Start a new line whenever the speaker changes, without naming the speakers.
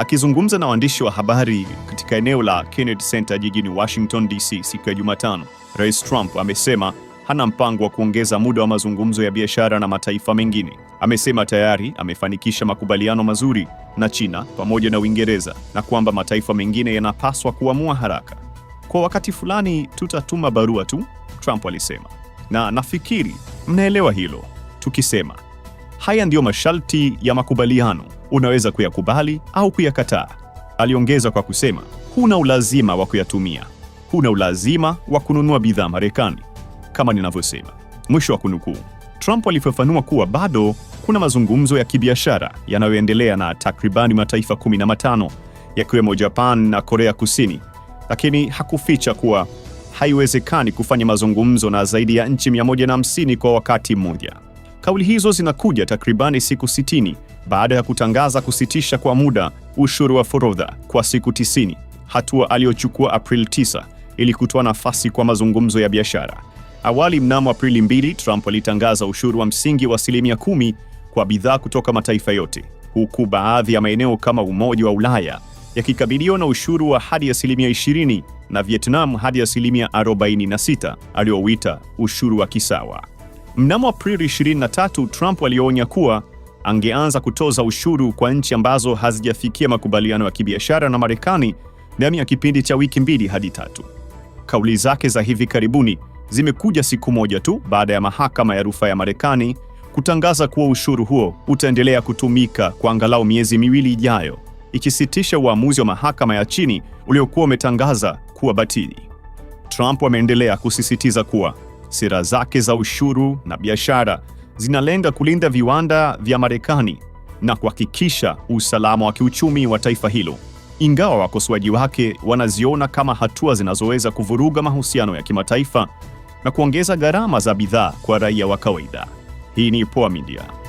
Akizungumza na waandishi wa habari katika eneo la Kennedy Center jijini Washington DC siku ya Jumatano, Rais Trump amesema hana mpango wa kuongeza muda wa mazungumzo ya biashara na mataifa mengine. Amesema tayari amefanikisha makubaliano mazuri na China pamoja na Uingereza na kwamba mataifa mengine yanapaswa kuamua haraka. Kwa wakati fulani tutatuma barua tu, Trump alisema, na nafikiri mnaelewa hilo tukisema haya ndiyo masharti ya makubaliano unaweza kuyakubali au kuyakataa. Aliongeza kwa kusema, huna ulazima wa kuyatumia, huna ulazima wa kununua bidhaa Marekani kama ninavyosema, mwisho wa kunukuu. Trump alifafanua kuwa bado kuna mazungumzo ya kibiashara yanayoendelea na takribani mataifa 15 yakiwemo Japan na Korea Kusini, lakini hakuficha kuwa haiwezekani kufanya mazungumzo na zaidi ya nchi 150 kwa wakati mmoja. Kauli hizo zinakuja takribani siku 60 baada ya kutangaza kusitisha kwa muda ushuru wa forodha kwa siku 90, hatua aliyochukua April 9 ili kutoa nafasi kwa mazungumzo ya biashara. Awali, mnamo Aprili 2, Trump alitangaza ushuru wa msingi wa asilimia 10 kwa bidhaa kutoka mataifa yote, huku baadhi ya maeneo kama Umoja wa Ulaya yakikabiliwa na ushuru wa hadi asilimia 20 na Vietnam hadi asilimia 46 aliyouita ushuru wa kisawa. Mnamo Aprili 23, Trump alionya kuwa angeanza kutoza ushuru kwa nchi ambazo hazijafikia makubaliano ya kibiashara na Marekani ndani ya kipindi cha wiki mbili hadi tatu. Kauli zake za hivi karibuni zimekuja siku moja tu baada ya mahakama ya rufaa ya Marekani kutangaza kuwa ushuru huo utaendelea kutumika kwa angalau miezi miwili ijayo, ikisitisha uamuzi wa mahakama ya chini uliokuwa umetangaza kuwa batili. Trump ameendelea kusisitiza kuwa sera zake za ushuru na biashara zinalenga kulinda viwanda vya Marekani na kuhakikisha usalama wa kiuchumi wa taifa hilo, ingawa wakosoaji wake wanaziona kama hatua zinazoweza kuvuruga mahusiano ya kimataifa na kuongeza gharama za bidhaa kwa raia wa kawaida. Hii ni Poa Media.